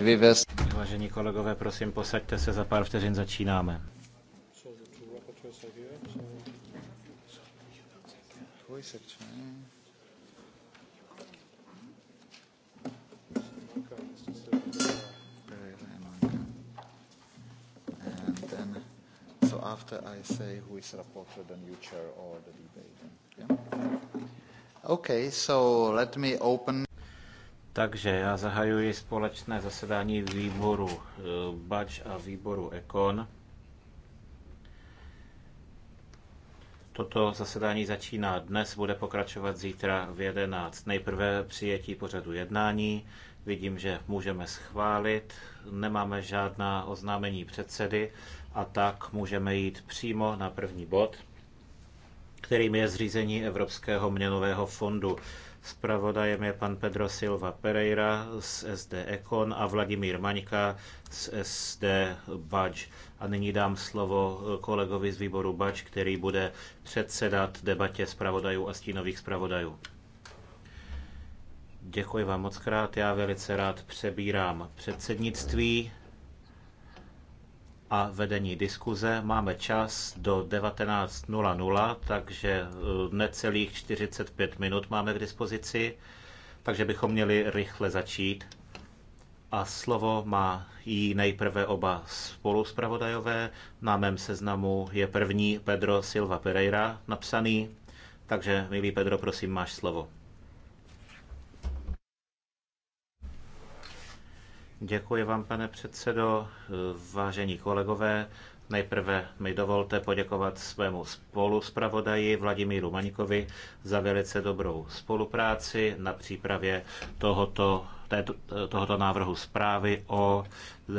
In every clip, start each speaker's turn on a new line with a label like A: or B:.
A: vyvést. Vážení kolegové, prosím, posaďte se, za pár vteřin začínáme. Okay, so let me open takže já zahajuji společné zasedání výboru eh, BAČ a výboru EKON. Toto zasedání začíná dnes, bude pokračovat zítra v 11. Nejprve přijetí pořadu jednání. Vidím, že můžeme schválit. Nemáme žádná oznámení předsedy a tak můžeme jít přímo na první bod, kterým je zřízení Evropského měnového fondu. Spravodajem je pan Pedro Silva Pereira z SD Econ a Vladimír Maňka z SD Bač. A nyní dám slovo kolegovi z výboru Bač, který bude předsedat debatě zpravodajů a stínových zpravodajů. Děkuji vám moc krát, já velice rád přebírám předsednictví a vedení diskuze. Máme čas do 19.00, takže eh, necelých 45 minut máme k dispozici, takže bychom měli rychle začít. A slovo má jí nejprve oba spoluspravodajové. Na mém seznamu je první Pedro Silva Pereira napsaný. Takže, milý Pedro, prosím, máš slovo. Děkuji vám, pane předsedo, vážení kolegové. Nejprve mi dovolte poděkovat svému spoluspravodaji Vladimíru Maňkovi za velice dobrou spolupráci na přípravě tohoto, této, tohoto návrhu zprávy o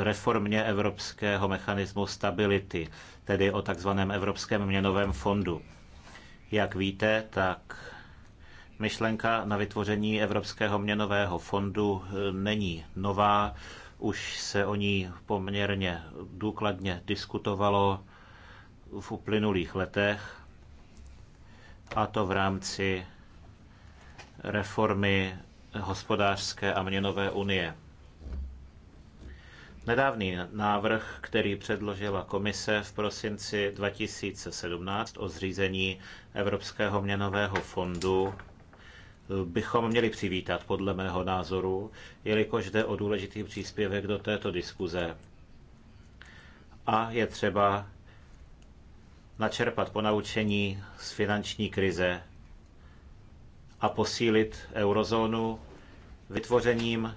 A: reformě Evropského mechanismu stability, tedy o takzvaném Evropském měnovém fondu. Jak víte, tak Myšlenka na vytvoření Evropského měnového fondu eh, není nová, už se o ní poměrně důkladně diskutovalo v uplynulých letech, a to v rámci reformy hospodářské a měnové unie. Nedávný návrh, který předložila komise v prosinci 2017 o zřízení Evropského měnového fondu, bychom měli přivítat, podle mého názoru, jelikož jde o důležitý příspěvek do této diskuze. A je třeba načerpat ponaučení z finanční krize a posílit eurozónu vytvořením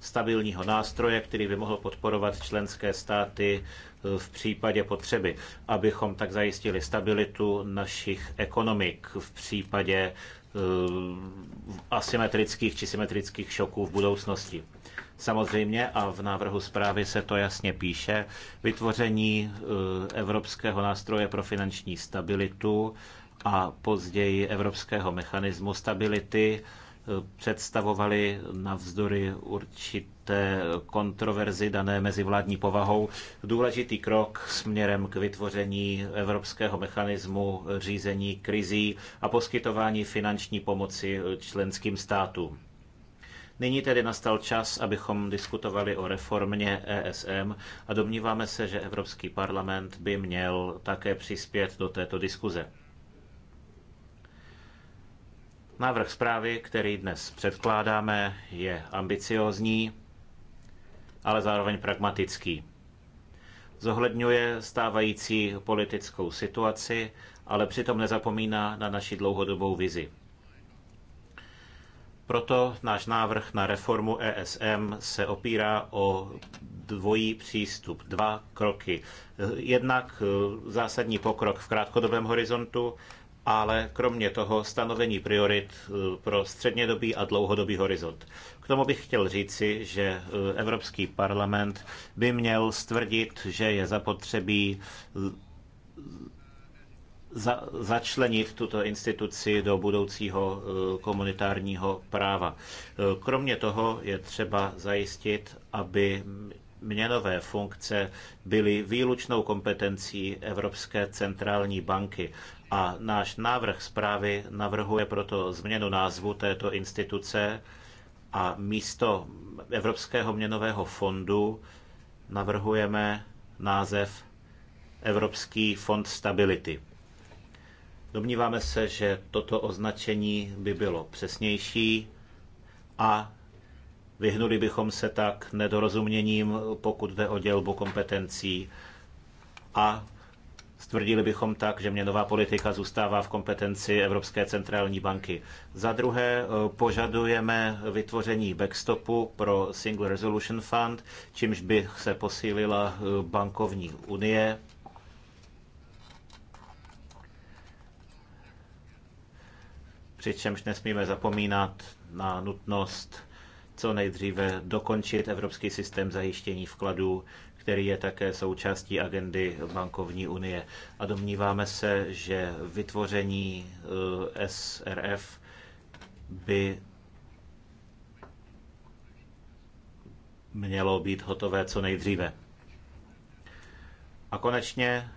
A: stabilního nástroje, který by mohl podporovat členské státy v případě potřeby, abychom tak zajistili stabilitu našich ekonomik v případě Eh, asymetrických či symetrických šoků v budoucnosti. Samozřejmě, a v návrhu zprávy se to jasně píše, vytvoření eh, Evropského nástroje pro finanční stabilitu a později Evropského mechanismu stability představovali navzdory určité kontroverzi dané mezivládní povahou důležitý krok směrem k vytvoření evropského mechanismu řízení krizí a poskytování finanční pomoci členským státům. Nyní tedy nastal čas, abychom diskutovali o reformě ESM a domníváme se, že Evropský parlament by měl také přispět do této diskuze. Návrh zprávy, který dnes předkládáme, je ambiciózní, ale zároveň pragmatický. Zohledňuje stávající politickou situaci, ale přitom nezapomíná na naši dlouhodobou vizi. Proto náš návrh na reformu ESM se opírá o dvojí přístup, dva kroky. Jednak zásadní pokrok v krátkodobém horizontu ale kromě toho stanovení priorit eh, pro střednědobý a dlouhodobý horizont. K tomu bych chtěl říci, že eh, Evropský parlament by měl stvrdit, že je zapotřebí eh, za, začlenit tuto instituci do budoucího komunitárního práva. Kromě toho je třeba zajistit, aby měnové funkce byly výlučnou kompetencí Evropské centrální banky a náš návrh zprávy navrhuje proto změnu názvu této instituce a místo Evropského měnového fondu navrhujeme název Evropský fond stability. Domníváme se, že toto označení by bylo přesnější a vyhnuli bychom se tak nedorozuměním, pokud jde o dělbu kompetencí a Stvrdili bychom tak, že měnová politika zůstává v kompetenci Evropské centrální banky. Za druhé eh, požadujeme vytvoření backstopu pro Single Resolution Fund, čímž by se posílila eh, bankovní unie. Přičemž nesmíme zapomínat na nutnost co nejdříve dokončit evropský systém zajištění vkladů, který je také součástí agendy bankovní unie. A domníváme se, že vytvoření eh, SRF by mělo být hotové co nejdříve. A konečně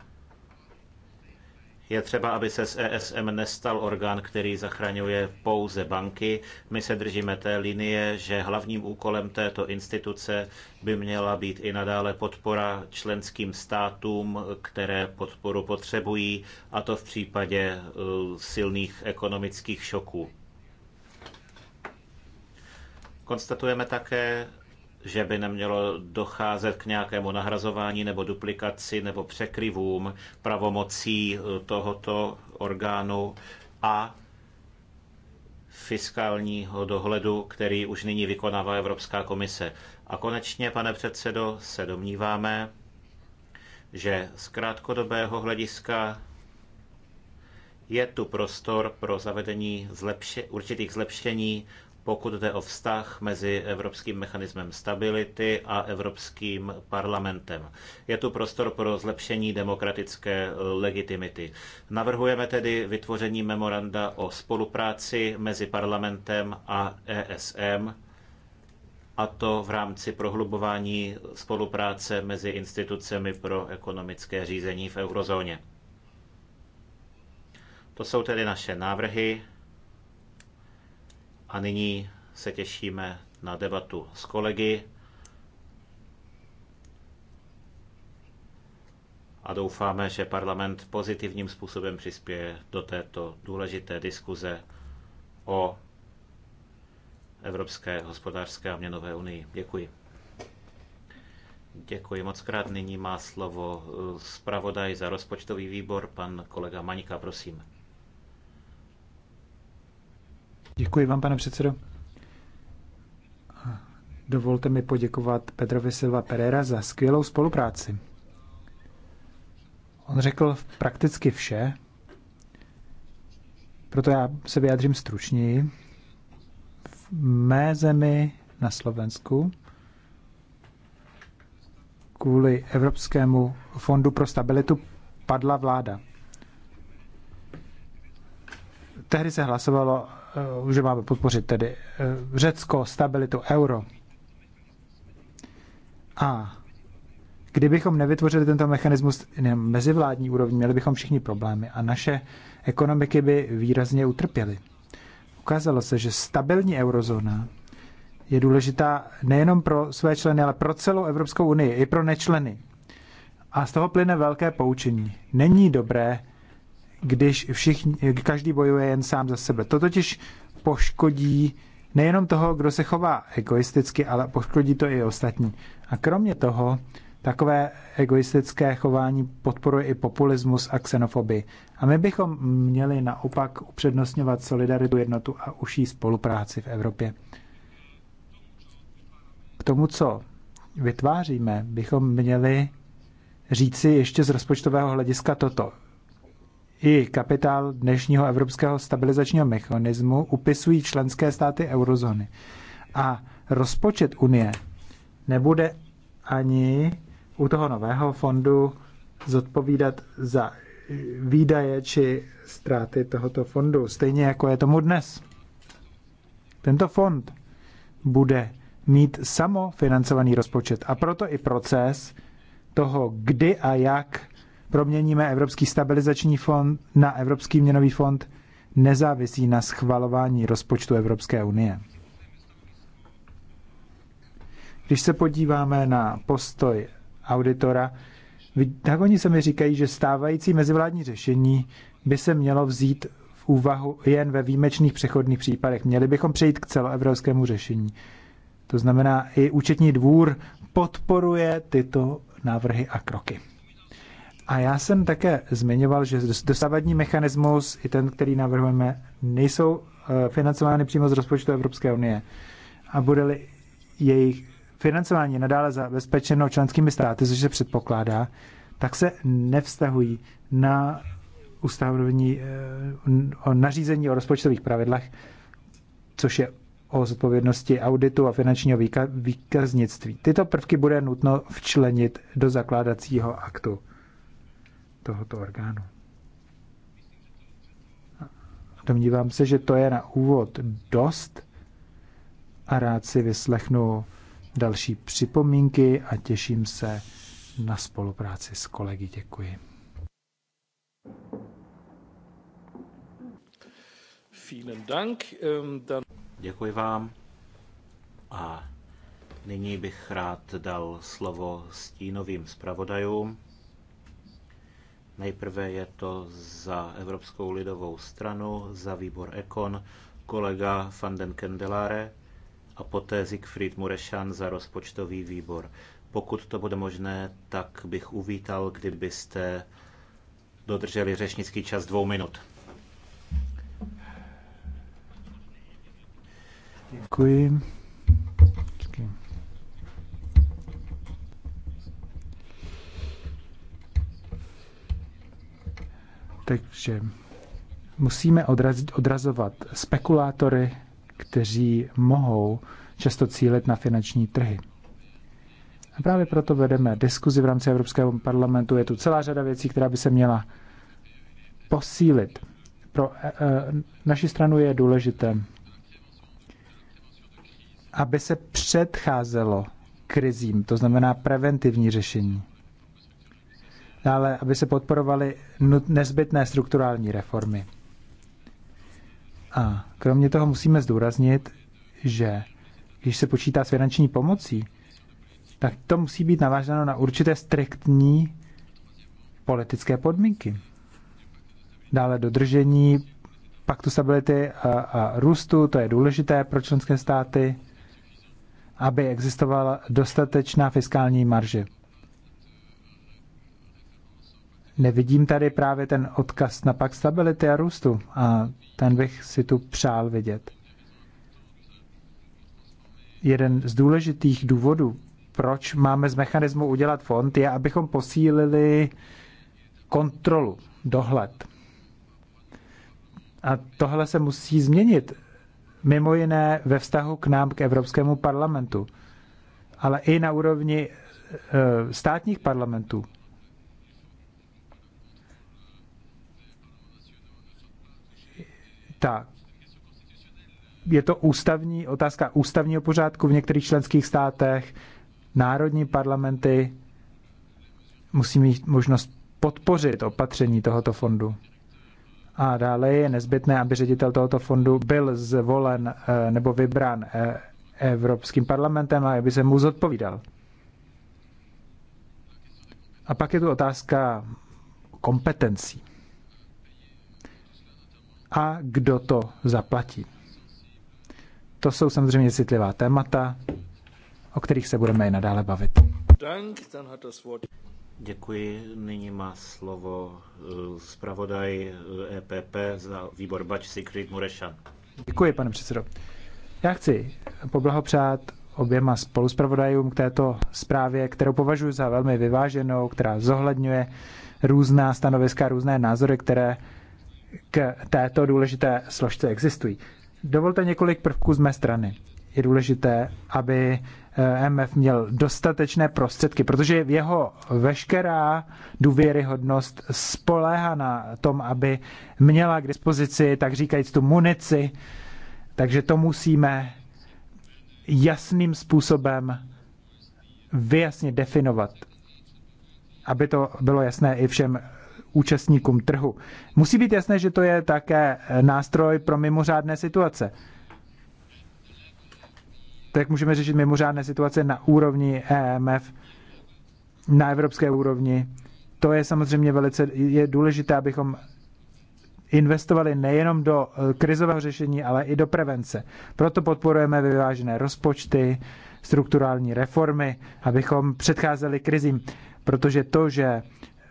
A: je třeba, aby se z ESM nestal orgán, který zachraňuje pouze banky. My se držíme té linie, že hlavním úkolem této instituce by měla být i nadále podpora členským státům, které podporu potřebují, a to v případě eh, silných ekonomických šoků. Konstatujeme také, že by nemělo docházet k nějakému nahrazování nebo duplikaci nebo překryvům pravomocí eh, tohoto orgánu a fiskálního dohledu, který už nyní vykonává Evropská komise. A konečně, pane předsedo, se domníváme, že z krátkodobého hlediska je tu prostor pro zavedení zlepši- určitých zlepšení pokud jde o vztah mezi Evropským mechanismem stability a Evropským parlamentem. Je tu prostor pro zlepšení demokratické legitimity. Navrhujeme tedy vytvoření memoranda o spolupráci mezi parlamentem a ESM, a to v rámci prohlubování spolupráce mezi institucemi pro ekonomické řízení v eurozóně. To jsou tedy naše návrhy. A nyní se těšíme na debatu s kolegy. A doufáme, že parlament pozitivním způsobem přispěje do této důležité diskuze o Evropské hospodářské a měnové unii. Děkuji. Děkuji moc krát. Nyní má slovo eh, zpravodaj za rozpočtový výbor, pan kolega Manika, prosím.
B: Děkuji vám, pane předsedo. Dovolte mi poděkovat Pedrovi Silva Pereira za skvělou spolupráci. On řekl prakticky vše, proto já se vyjádřím stručněji. V mé zemi na Slovensku kvůli Evropskému fondu pro stabilitu padla vláda. Tehdy se hlasovalo Eh, že máme podpořit tedy eh, Řecko, stabilitu, euro. A kdybychom nevytvořili tento mechanismus na mezivládní úrovni, měli bychom všichni problémy a naše ekonomiky by výrazně utrpěly. Ukázalo se, že stabilní eurozóna je důležitá nejenom pro své členy, ale pro celou Evropskou unii, i pro nečleny. A z toho plyne velké poučení. Není dobré když všichni, každý bojuje jen sám za sebe. To totiž poškodí nejenom toho, kdo se chová egoisticky, ale poškodí to i ostatní. A kromě toho, takové egoistické chování podporuje i populismus a xenofobii. A my bychom měli naopak upřednostňovat solidaritu, jednotu a užší spolupráci v Evropě. K tomu, co vytváříme, bychom měli říci ještě z rozpočtového hlediska toto i kapitál dnešního Evropského stabilizačního mechanismu upisují členské státy eurozóny. A rozpočet Unie nebude ani u toho nového fondu zodpovídat za výdaje či ztráty tohoto fondu, stejně jako je tomu dnes. Tento fond bude mít samofinancovaný rozpočet a proto i proces toho, kdy a jak proměníme Evropský stabilizační fond na Evropský měnový fond, nezávisí na schvalování rozpočtu Evropské unie. Když se podíváme na postoj auditora, tak oni se mi říkají, že stávající mezivládní řešení by se mělo vzít v úvahu jen ve výjimečných přechodných případech. Měli bychom přejít k celoevropskému řešení. To znamená, i účetní dvůr podporuje tyto návrhy a kroky. A já jsem také zmiňoval, že dosavadní mechanismus i ten, který navrhujeme, nejsou eh, financovány přímo z rozpočtu Evropské unie. A bude-li jejich financování nadále zabezpečeno členskými státy, což se předpokládá, tak se nevztahují na ustanovení eh, o nařízení o rozpočtových pravidlech, což je o zodpovědnosti auditu a finančního výkaznictví. Tyto prvky bude nutno včlenit do zakládacího aktu tohoto orgánu. Domnívám se, že to je na úvod dost a rád si vyslechnu další připomínky a těším se na spolupráci s kolegy. Děkuji.
A: Ähm, Děkuji vám. A nyní bych rád dal slovo stínovým zpravodajům. Nejprve je to za Evropskou lidovou stranu, za výbor Ekon, kolega van den Kendelare a poté Siegfried Murešan za rozpočtový výbor. Pokud to bude možné, tak bych uvítal, kdybyste dodrželi řečnický čas dvou minut.
B: Děkuji. Takže musíme odrazit, odrazovat spekulátory, kteří mohou často cílit na finanční trhy. A právě proto vedeme diskuzi v rámci Evropského parlamentu. Je tu celá řada věcí, která by se měla posílit. Pro e, naši stranu je důležité, aby se předcházelo krizím, to znamená preventivní řešení dále, aby se podporovaly nezbytné strukturální reformy. A kromě toho musíme zdůraznit, že když se počítá s finanční pomocí, tak to musí být naváženo na určité striktní politické podmínky. Dále dodržení paktu stability a, a růstu, to je důležité pro členské státy, aby existovala dostatečná fiskální marže nevidím tady právě ten odkaz na pak stability a růstu a ten bych si tu přál vidět. Jeden z důležitých důvodů, proč máme z mechanismu udělat fond, je, abychom posílili kontrolu, dohled. A tohle se musí změnit, mimo jiné ve vztahu k nám, k Evropskému parlamentu, ale i na úrovni eh, státních parlamentů ta je to ústavní otázka ústavního pořádku v některých členských státech. Národní parlamenty musí mít možnost podpořit opatření tohoto fondu. A dále je nezbytné, aby ředitel tohoto fondu byl zvolen eh, nebo vybrán eh, Evropským parlamentem a aby se mu zodpovídal. A pak je tu otázka kompetencí a kdo to zaplatí. To jsou samozřejmě citlivá témata, o kterých se budeme i nadále bavit.
A: Děkuji. Nyní má slovo eh, zpravodaj EPP eh, e za výbor Bač Secret Murešan.
B: Děkuji, pane předsedo. Já chci poblahopřát oběma spoluspravodajům k této zprávě, kterou považuji za velmi vyváženou, která zohledňuje různá stanoviska, různé názory, které k této důležité složce existují. Dovolte několik prvků z mé strany. Je důležité, aby eh, MF měl dostatečné prostředky, protože jeho veškerá důvěryhodnost spoléhá na tom, aby měla k dispozici, tak říkajíc, tu munici, takže to musíme jasným způsobem vyjasně definovat, aby to bylo jasné i všem účastníkům trhu. Musí být jasné, že to je také nástroj pro mimořádné situace. Tak můžeme řešit mimořádné situace na úrovni EMF, na evropské úrovni. To je samozřejmě velice je důležité, abychom investovali nejenom do eh, krizového řešení, ale i do prevence. Proto podporujeme vyvážené rozpočty, strukturální reformy, abychom předcházeli krizím. Protože to, že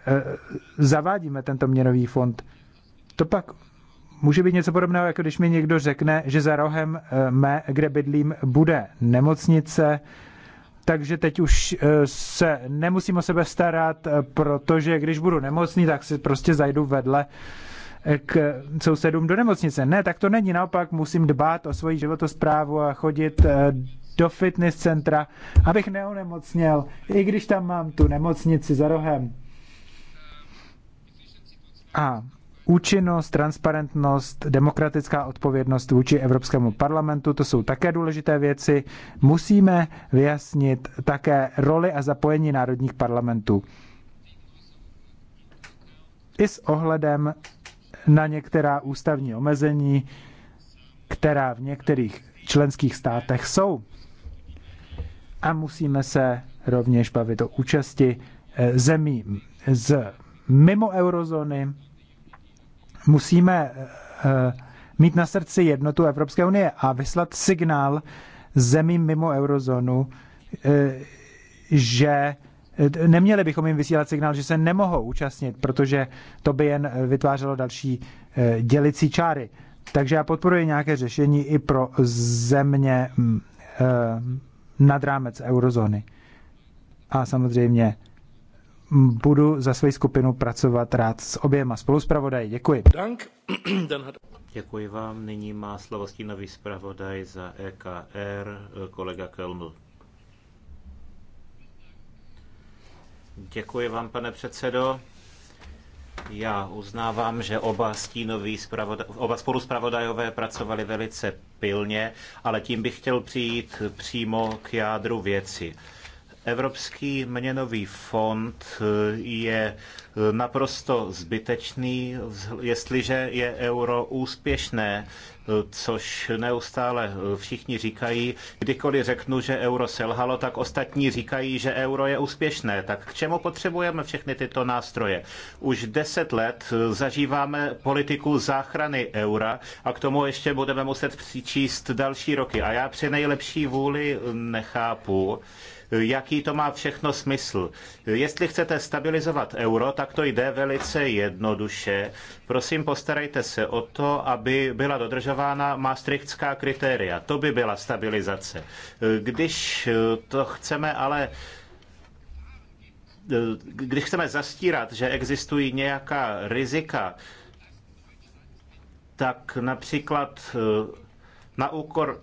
B: Eh, zavádíme tento měnový fond, to pak může být něco podobného, jako když mi někdo řekne, že za rohem eh, mé, kde bydlím, bude nemocnice, takže teď už eh, se nemusím o sebe starat, protože když budu nemocný, tak si prostě zajdu vedle k sousedům do nemocnice. Ne, tak to není. Naopak musím dbát o svoji životosprávu a chodit do fitness centra, abych neonemocněl, i když tam mám tu nemocnici za rohem. A účinnost, transparentnost, demokratická odpovědnost vůči Evropskému parlamentu, to jsou také důležité věci. Musíme vyjasnit také roli a zapojení národních parlamentů. I s ohledem na některá ústavní omezení, která v některých členských státech jsou. A musíme se rovněž bavit o účasti eh, zemí z mimo eurozóny, musíme eh, mít na srdci jednotu Evropské unie a vyslat signál zemím mimo eurozónu, eh, že eh, neměli bychom jim vysílat signál, že se nemohou účastnit, protože to by jen vytvářelo další dělicí čáry. Takže já podporuji nějaké řešení i pro země mm, nad rámec eurozóny. A samozřejmě budu za svoji skupinu pracovat rád s oběma spoluspravodaji. Děkuji. Dank.
A: Děkuji vám. Nyní má slovo stínový zpravodaj za EKR eh, kolega Kelmu. Děkuji vám, pane předsedo. Já uznávám, že oba, stínoví spravodaj, oba spoluspravodajové pracovali velice pilně, ale tím bych chtěl přijít přímo k jádru věci. Evropský měnový fond eh, je eh, naprosto zbytečný, jestliže je euro úspěšné, eh, což neustále všichni říkají. Kdykoliv řeknu, že euro selhalo, tak ostatní říkají, že euro je úspěšné. Tak k čemu potřebujeme všechny tyto nástroje? Už deset let zažíváme politiku záchrany eura a k tomu ještě budeme muset přičíst další roky. A já při nejlepší vůli nechápu, jaký to má všechno smysl. Jestli chcete stabilizovat euro, tak to jde velice jednoduše. Prosím, postarejte se o to, aby byla dodržována maastrichtská kritéria. To by byla stabilizace. Když to chceme ale když chceme zastírat, že existují nějaká rizika, tak například na úkor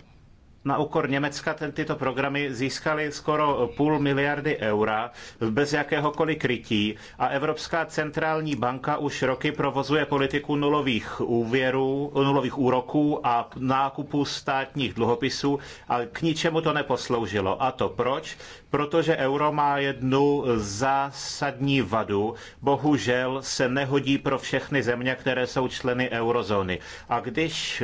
A: na úkor Německa ten, tyto programy získaly skoro půl miliardy eura bez jakéhokoliv krytí a Evropská centrální banka už roky provozuje politiku nulových úvěrů, nulových úroků a nákupu státních dluhopisů a k ničemu to neposloužilo. A to proč? Protože euro má jednu zásadní vadu. Bohužel se nehodí pro všechny země, které jsou členy eurozóny. A když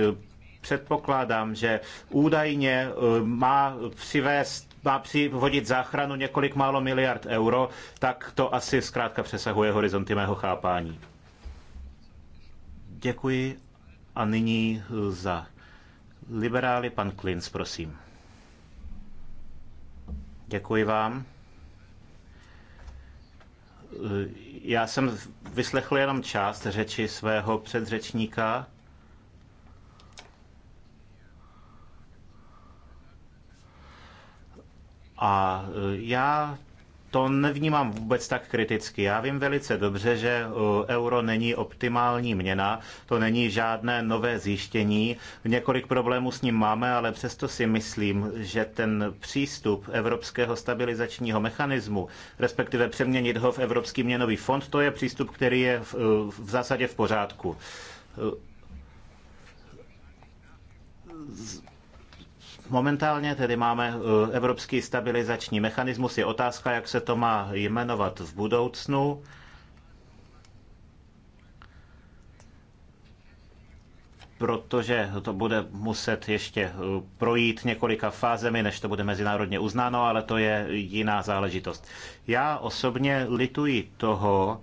A: předpokládám, že údajně eh, má přivést má přivodit záchranu několik málo miliard euro, tak to asi zkrátka přesahuje horizonty mého chápání. Děkuji a nyní eh, za liberály pan Klinc, prosím. Děkuji vám. Eh, já jsem vyslechl jenom část řeči svého předřečníka. A e, já to nevnímám vůbec tak kriticky. Já vím velice dobře, že e, euro není optimální měna, to není žádné nové zjištění. Několik problémů s ním máme, ale přesto si myslím, že ten přístup Evropského stabilizačního mechanismu, respektive přeměnit ho v Evropský měnový fond, to je přístup, který je v, e, v zásadě v pořádku Momentálně tedy máme eh, Evropský stabilizační mechanismus. Je otázka, jak se to má jmenovat v budoucnu. protože to bude muset ještě eh, projít několika fázemi, než to bude mezinárodně uznáno, ale to je jiná záležitost. Já osobně lituji toho,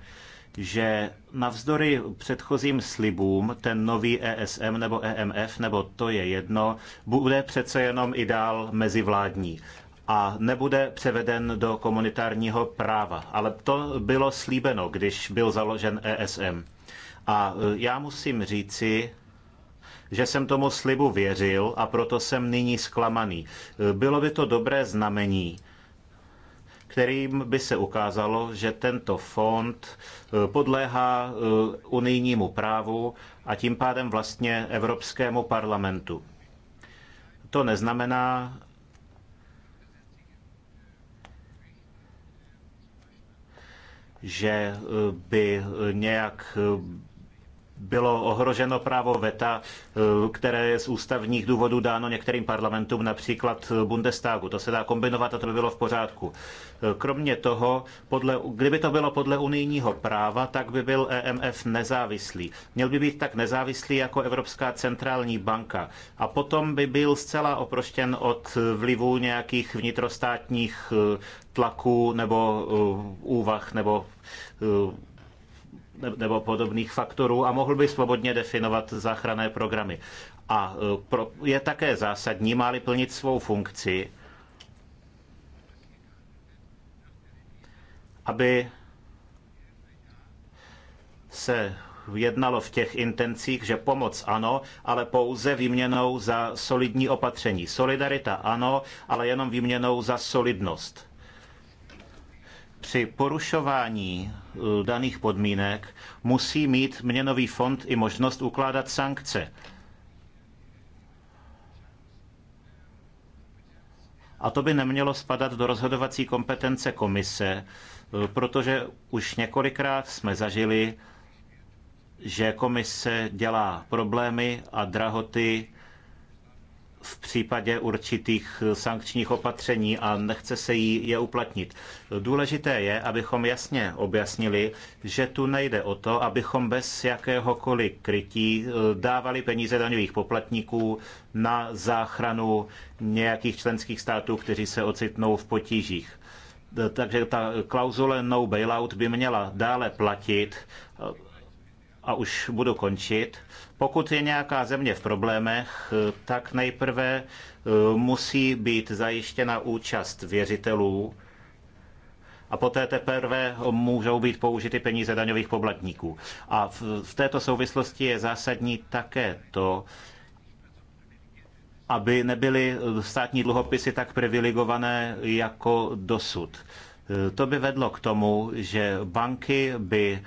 A: že navzdory předchozím slibům ten nový ESM nebo EMF, nebo to je jedno, bude přece jenom i dál mezivládní a nebude převeden do komunitárního práva. Ale to bylo slíbeno, když byl založen ESM. A e, já musím říci, že jsem tomu slibu věřil a proto jsem nyní zklamaný. E, bylo by to dobré znamení, kterým by se ukázalo, že tento fond eh, podléhá eh, unijnímu právu a tím pádem vlastně Evropskému parlamentu. To neznamená, že eh, by nějak bylo ohroženo právo veta, eh, které je z ústavních důvodů dáno některým parlamentům, například eh, Bundestagu. To se dá kombinovat a to by bylo v pořádku. Eh, kromě toho, podle, kdyby to bylo podle unijního práva, tak by byl EMF nezávislý. Měl by být tak nezávislý jako Evropská centrální banka. A potom by byl zcela oproštěn od vlivu nějakých vnitrostátních tlaků nebo úvah nebo nebo podobných faktorů a mohl by svobodně definovat záchranné programy. A e, je také zásadní, má-li plnit svou funkci, aby se jednalo v těch intencích, že pomoc ano, ale pouze výměnou za solidní opatření. Solidarita ano, ale jenom výměnou za solidnost. Při porušování eh, daných podmínek musí mít měnový fond i možnost ukládat sankce. A to by nemělo spadat do rozhodovací kompetence komise, eh, protože už několikrát jsme zažili, že komise dělá problémy a drahoty v případě určitých sankčních opatření a nechce se jí je uplatnit. Důležité je, abychom jasně objasnili, že tu nejde o to, abychom bez jakéhokoliv krytí eh, dávali peníze daňových poplatníků na záchranu nějakých členských států, kteří se ocitnou v potížích. Eh, takže ta klauzule no bailout by měla dále platit eh, a už budu končit. Pokud je nějaká země v problémech, tak nejprve e, musí být zajištěna účast věřitelů a poté teprve můžou být použity peníze daňových poblatníků. A v této souvislosti je zásadní také to, aby nebyly státní dluhopisy tak privilegované jako dosud. E, to by vedlo k tomu, že banky by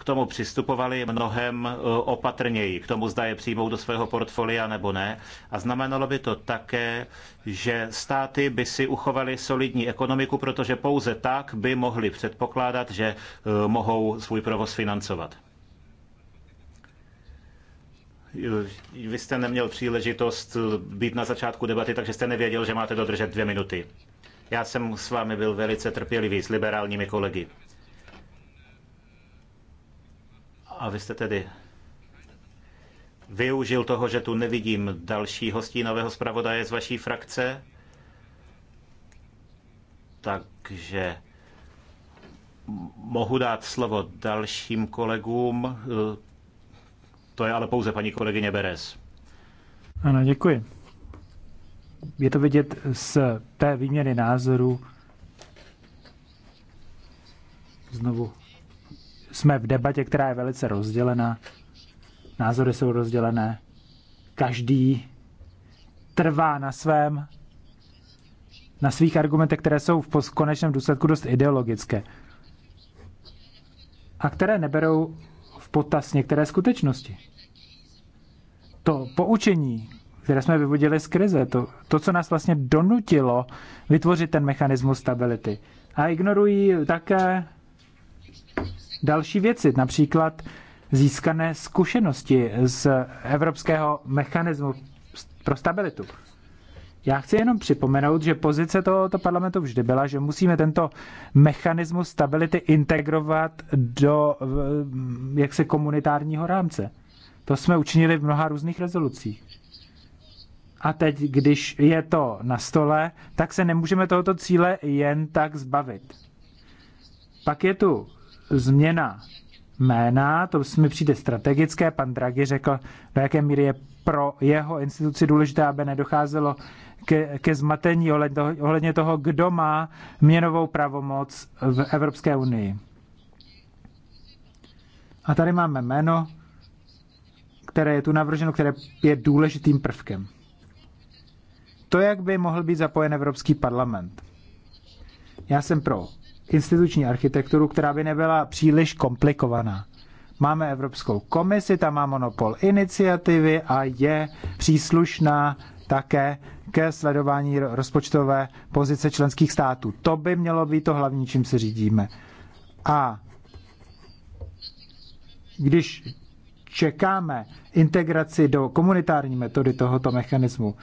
A: k tomu přistupovali mnohem e, opatrněji, k tomu zda je přijmou do svého portfolia nebo ne. A znamenalo by to také, že státy by si uchovaly solidní ekonomiku, protože pouze tak by mohli předpokládat, že e, mohou svůj provoz financovat. E, vy jste neměl příležitost být na začátku debaty, takže jste nevěděl, že máte dodržet dvě minuty. Já jsem s vámi byl velice trpělivý s liberálními kolegy. A vy jste tedy využil toho, že tu nevidím dalšího stínového zpravodaje z vaší frakce. Takže mohu dát slovo dalším kolegům. To je ale pouze paní kolegyně Beres.
B: Ano, děkuji. Je to vidět z té výměny názorů. Znovu jsme v debatě, která je velice rozdělená. Názory jsou rozdělené. Každý trvá na svém, na svých argumentech, které jsou v konečném důsledku dost ideologické a které neberou v potaz některé skutečnosti. To poučení, které jsme vyvodili z krize, to, to co nás vlastně donutilo vytvořit ten mechanismus stability. A ignorují také další věci, například získané zkušenosti z evropského mechanismu pro stabilitu. Já chci jenom připomenout, že pozice tohoto parlamentu vždy byla, že musíme tento mechanismus stability integrovat do jaksi komunitárního rámce. To jsme učinili v mnoha různých rezolucích. A teď, když je to na stole, tak se nemůžeme tohoto cíle jen tak zbavit. Pak je tu změna jména, to mi přijde strategické. Pan Draghi řekl, do jaké míry je pro jeho instituci důležité, aby nedocházelo ke, ke zmatení ohledně toho, kdo má měnovou pravomoc v Evropské unii. A tady máme jméno, které je tu navrženo, které je důležitým prvkem. To, jak by mohl být zapojen Evropský parlament. Já jsem pro instituční architekturu, která by nebyla příliš komplikovaná. Máme Evropskou komisi, ta má monopol iniciativy a je příslušná také ke sledování rozpočtové pozice členských států. To by mělo být to hlavní, čím se řídíme. A když čekáme integraci do komunitární metody tohoto mechanismu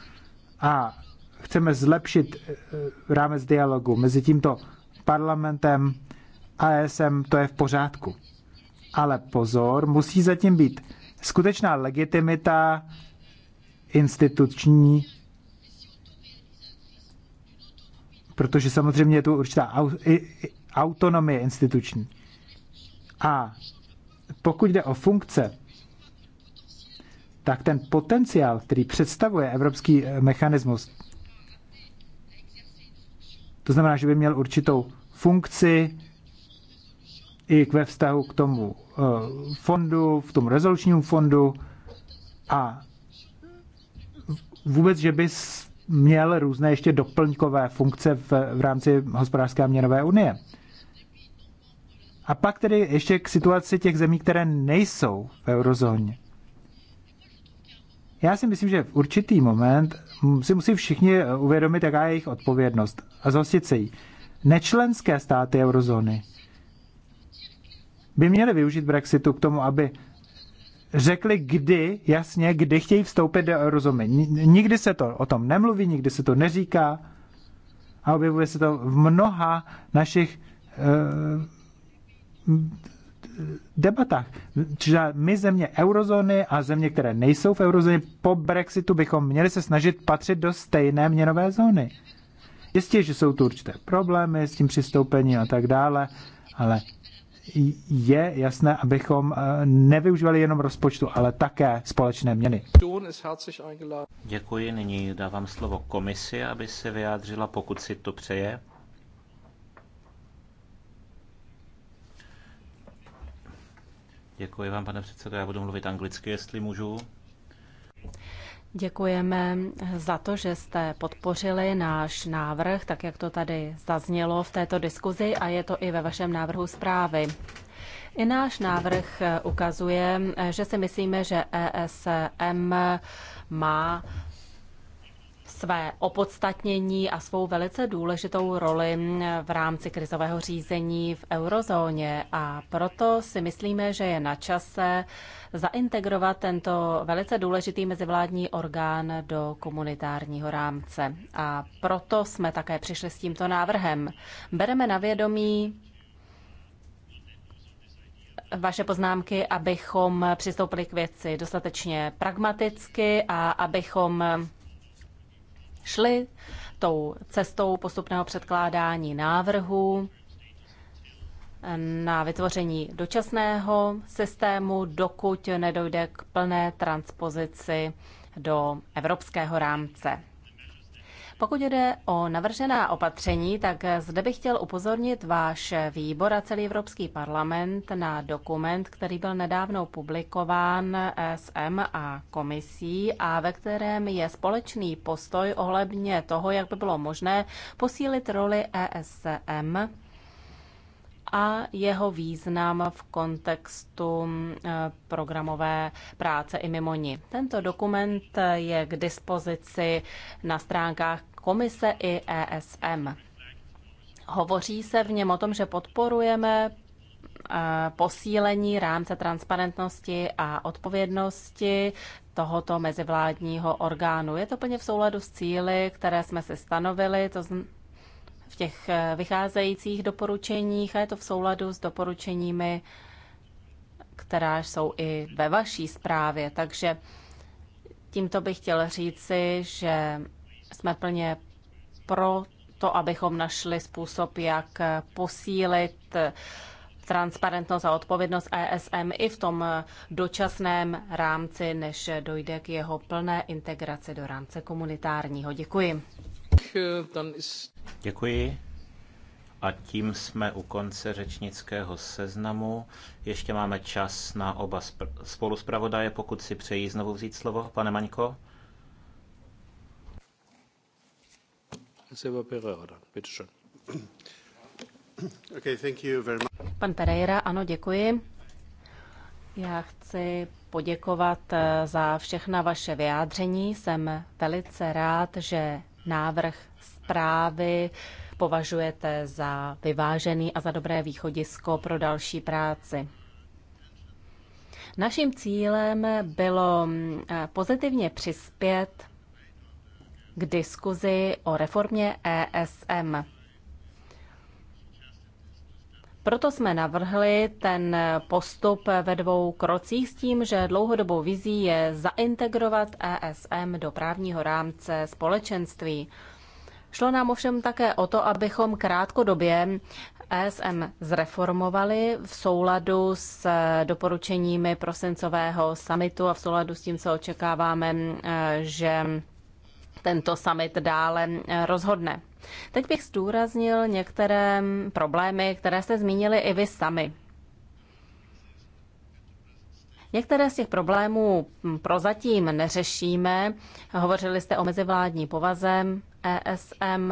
B: a chceme zlepšit eh, rámec dialogu mezi tímto parlamentem a to je v pořádku. Ale pozor, musí zatím být skutečná legitimita instituční, protože samozřejmě je tu určitá autonomie instituční. A pokud jde o funkce, tak ten potenciál, který představuje evropský eh, mechanismus, to znamená, že by měl určitou funkci i ve vztahu k tomu eh, fondu, v tom rezolučnímu fondu a vůbec, že bys měl různé ještě doplňkové funkce v, v rámci hospodářské a měnové unie. A pak tedy ještě k situaci těch zemí, které nejsou v eurozóně. Já si myslím, že v určitý moment si musí všichni eh, uvědomit, jaká je jejich odpovědnost a zhostit se jí. Nečlenské státy eurozóny by měly využít Brexitu k tomu, aby řekli kdy, jasně, kdy chtějí vstoupit do eurozóny. Nikdy se to o tom nemluví, nikdy se to neříká a objevuje se to v mnoha našich eh, debatách. Třeba my země eurozóny a země, které nejsou v eurozóně, po Brexitu bychom měli se snažit patřit do stejné měnové zóny. Jistě, že jsou tu určité problémy s tím přistoupením a tak dále, ale je jasné, abychom eh, nevyužívali jenom rozpočtu, ale také společné měny.
A: Děkuji, nyní dávám slovo komisi, aby se vyjádřila, pokud si to přeje. Děkuji vám, pane předsedo. Já budu mluvit anglicky, jestli můžu.
C: Děkujeme za to, že jste podpořili náš návrh, tak jak to tady zaznělo v této diskuzi a je to i ve vašem návrhu zprávy. I náš návrh ukazuje, že si myslíme, že ESM má své opodstatnění a svou velice důležitou roli v rámci krizového řízení v eurozóně a proto si myslíme, že je na čase zaintegrovat tento velice důležitý mezivládní orgán do komunitárního rámce. A proto jsme také přišli s tímto návrhem. Bereme na vědomí vaše poznámky, abychom přistoupili k věci dostatečně pragmaticky a abychom šli tou cestou postupného předkládání návrhu na vytvoření dočasného systému, dokud nedojde k plné transpozici do evropského rámce. Pokud jde o navržená opatření, tak zde bych chtěl upozornit váš výbor a celý Evropský parlament na dokument, který byl nedávno publikován SM a komisí a ve kterém je společný postoj ohledně toho, jak by bylo možné posílit roli ESM a jeho význam v kontextu eh, programové práce i mimo ní. Tento dokument je k dispozici na stránkách Komise i ESM. Hovoří se v něm o tom, že podporujeme eh, posílení rámce transparentnosti a odpovědnosti tohoto mezivládního orgánu. Je to plně v souladu s cíly, které jsme si stanovili, to v těch eh, vycházejících doporučeních a je to v souladu s doporučeními, která jsou i ve vaší zprávě. Takže tímto bych chtěl říci, že jsme plně pro to, abychom našli způsob, jak posílit transparentnost a odpovědnost ESM i v tom dočasném rámci, než dojde k jeho plné integraci do rámce komunitárního. Děkuji.
A: Děkuji. A tím jsme u konce řečnického seznamu. Ještě máme čas na oba spoluspravodaje, pokud si přejí znovu vzít slovo. Pane Maňko?
C: Pan Pereira, ano, děkuji. Já chci poděkovat eh, za všechna vaše vyjádření. Jsem velice rád, že návrh zprávy považujete za vyvážený a za dobré východisko pro další práci. Naším cílem bylo mm, pozitivně přispět k diskuzi o reformě ESM. Proto jsme navrhli ten postup ve dvou krocích s tím, že dlouhodobou vizí je zaintegrovat ESM do právního rámce společenství. Šlo nám ovšem také o to, abychom krátkodobě ESM zreformovali v souladu s doporučeními prosincového samitu a v souladu s tím, co očekáváme, že tento summit dále eh, rozhodne. Teď bych zdůraznil některé problémy, které jste zmínili i vy sami. Některé z těch problémů hm, prozatím neřešíme. Hovořili jste o mezivládní povaze ESM,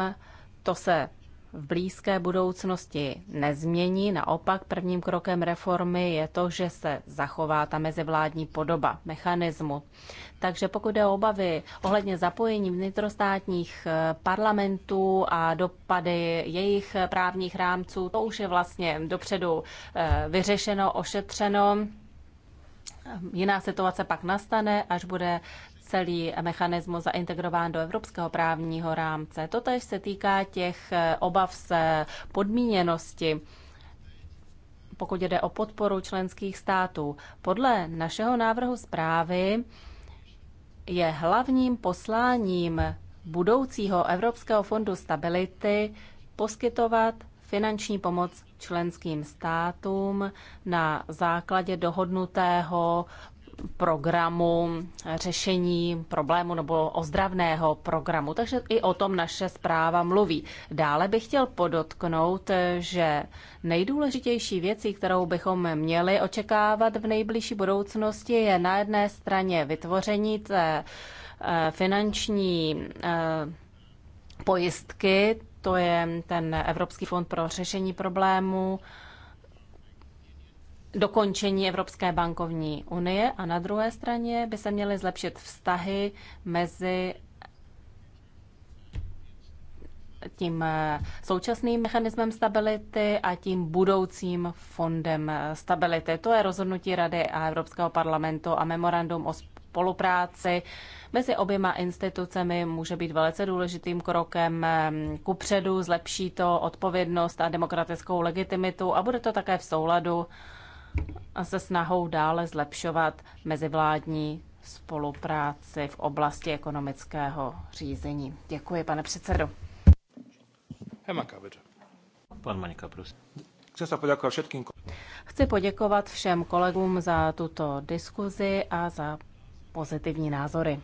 C: to se v blízké budoucnosti nezmění. Naopak prvním krokem reformy je to, že se zachová ta mezivládní podoba mechanismu. Takže pokud jde o obavy ohledně zapojení vnitrostátních eh, parlamentů a dopady jejich právních rámců, to už je vlastně dopředu eh, vyřešeno, ošetřeno. Jiná situace pak nastane, až bude celý mechanismus zaintegrován do evropského právního rámce. Totež se týká těch eh, obav se podmíněnosti pokud jde o podporu členských států. Podle našeho návrhu zprávy je hlavním posláním budoucího Evropského fondu stability poskytovat finanční pomoc členským státům na základě dohodnutého programu řešení problému nebo ozdravného programu. Takže i o tom naše zpráva mluví. Dále bych chtěl podotknout, že nejdůležitější věcí, kterou bychom měli očekávat v nejbližší budoucnosti, je na jedné straně vytvoření té eh, finanční eh, pojistky, to je ten Evropský fond pro řešení problémů, dokončení Evropské bankovní unie a na druhé straně by se měly zlepšit vztahy mezi tím současným mechanismem stability a tím budoucím fondem stability. To je rozhodnutí Rady a Evropského parlamentu a memorandum o spolupráci mezi oběma institucemi může být velice důležitým krokem ku předu, zlepší to odpovědnost a demokratickou legitimitu a bude to také v souladu a se snahou dále zlepšovat mezivládní spolupráci v oblasti ekonomického řízení. Děkuji, pane předsedo.
A: Hemaka, Pan Maňka, prosím. Chci se poděkovat všetkým.
C: Chci poděkovat všem kolegům za tuto diskuzi a za pozitivní názory.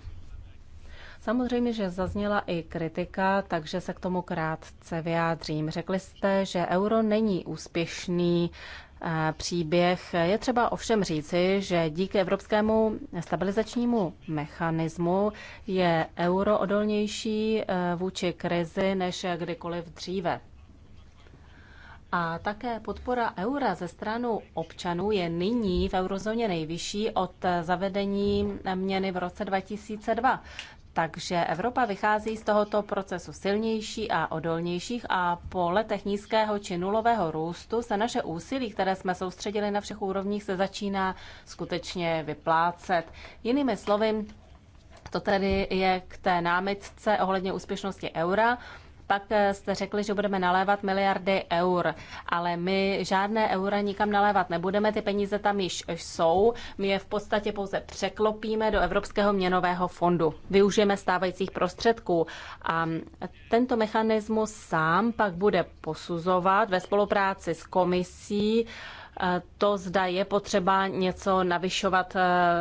C: Samozřejmě, že zazněla i kritika, takže se k tomu krátce vyjádřím. Řekli jste, že euro není úspěšný příběh. Je třeba ovšem říci, že díky evropskému stabilizačnímu mechanismu je euro odolnější eh, vůči krizi než kdykoliv dříve. A také podpora eura ze stranu občanů je nyní v eurozóně nejvyšší od zavedení měny v roce 2002. Takže Evropa vychází z tohoto procesu silnější a odolnějších a po letech nízkého či nulového růstu se naše úsilí, které jsme soustředili na všech úrovních, se začíná skutečně vyplácet. Jinými slovy, to tedy je k té námitce ohledně úspěšnosti eura pak eh, jste řekli, že budeme nalévat miliardy eur, ale my žádné eura nikam nalévat nebudeme, ty peníze tam již jsou, my je v podstatě pouze překlopíme do Evropského měnového fondu. Využijeme stávajících prostředků a tento mechanismus sám pak bude posuzovat ve spolupráci s komisí, eh, to, zda je potřeba něco navyšovat, eh,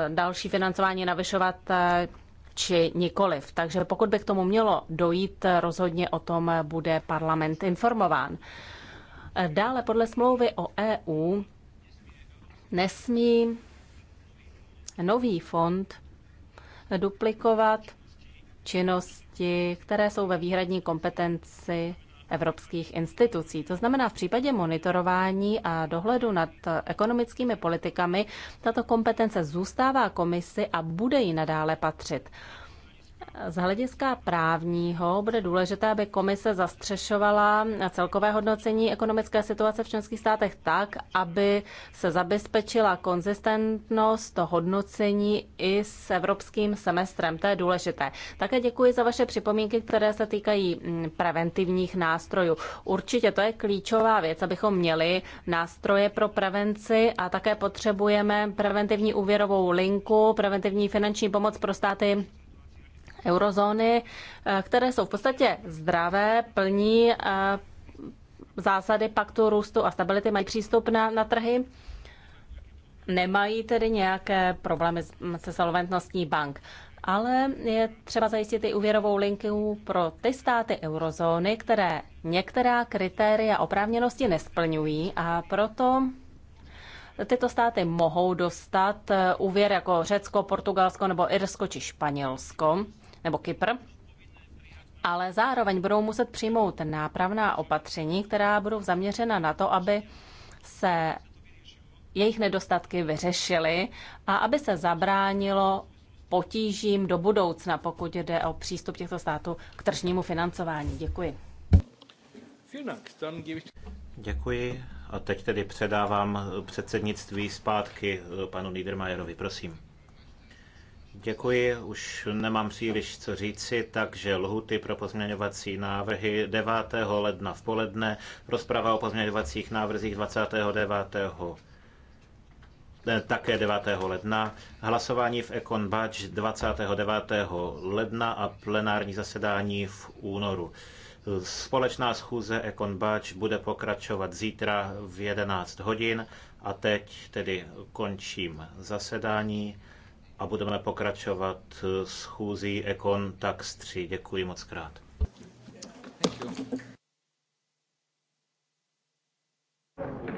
C: další financování navyšovat či nikoliv. Takže pokud by k tomu mělo dojít, rozhodně o tom bude parlament informován. Dále podle smlouvy o EU nesmí nový fond duplikovat činnosti, které jsou ve výhradní kompetenci evropských institucí. To znamená, v případě monitorování a dohledu nad ekonomickými politikami tato kompetence zůstává komisi a bude jí nadále patřit. Z hlediska právního bude důležité, aby komise zastřešovala celkové hodnocení ekonomické situace v členských státech tak, aby se zabezpečila konzistentnost hodnocení i s evropským semestrem. To je důležité. Také děkuji za vaše připomínky, které se týkají mm, preventivních nástrojů. Určitě to je klíčová věc, abychom měli nástroje pro prevenci a také potřebujeme preventivní úvěrovou linku, preventivní finanční pomoc pro státy eurozóny, eh, které jsou v podstatě zdravé, plní eh, zásady paktu růstu a stability, mají přístup na, na trhy, nemají tedy nějaké problémy se solventností bank. Ale je třeba zajistit i úvěrovou linku pro ty státy eurozóny, které některá kritéria oprávněnosti nesplňují a proto tyto státy mohou dostat eh, úvěr jako Řecko, Portugalsko nebo Irsko či Španělsko nebo Kypr, ale zároveň budou muset přijmout nápravná opatření, která budou zaměřena na to, aby se jejich nedostatky vyřešily a aby se zabránilo potížím do budoucna, pokud jde o přístup těchto států k tržnímu financování. Děkuji.
A: Děkuji. A teď tedy předávám předsednictví zpátky panu Niedermayerovi. Prosím. Děkuji, už nemám příliš co říci, takže lhuty pro pozměňovací návrhy 9. ledna v poledne, rozprava o pozměňovacích návrzích 29. Ne, eh, také 9. ledna, hlasování v Econ Badge 29. ledna a plenární zasedání v únoru. Společná schůze Econ Badge bude pokračovat zítra v 11 hodin a teď tedy končím zasedání a budeme pokračovat eh, s chůzí Econ Tax 3. Děkuji moc krát. Thank you.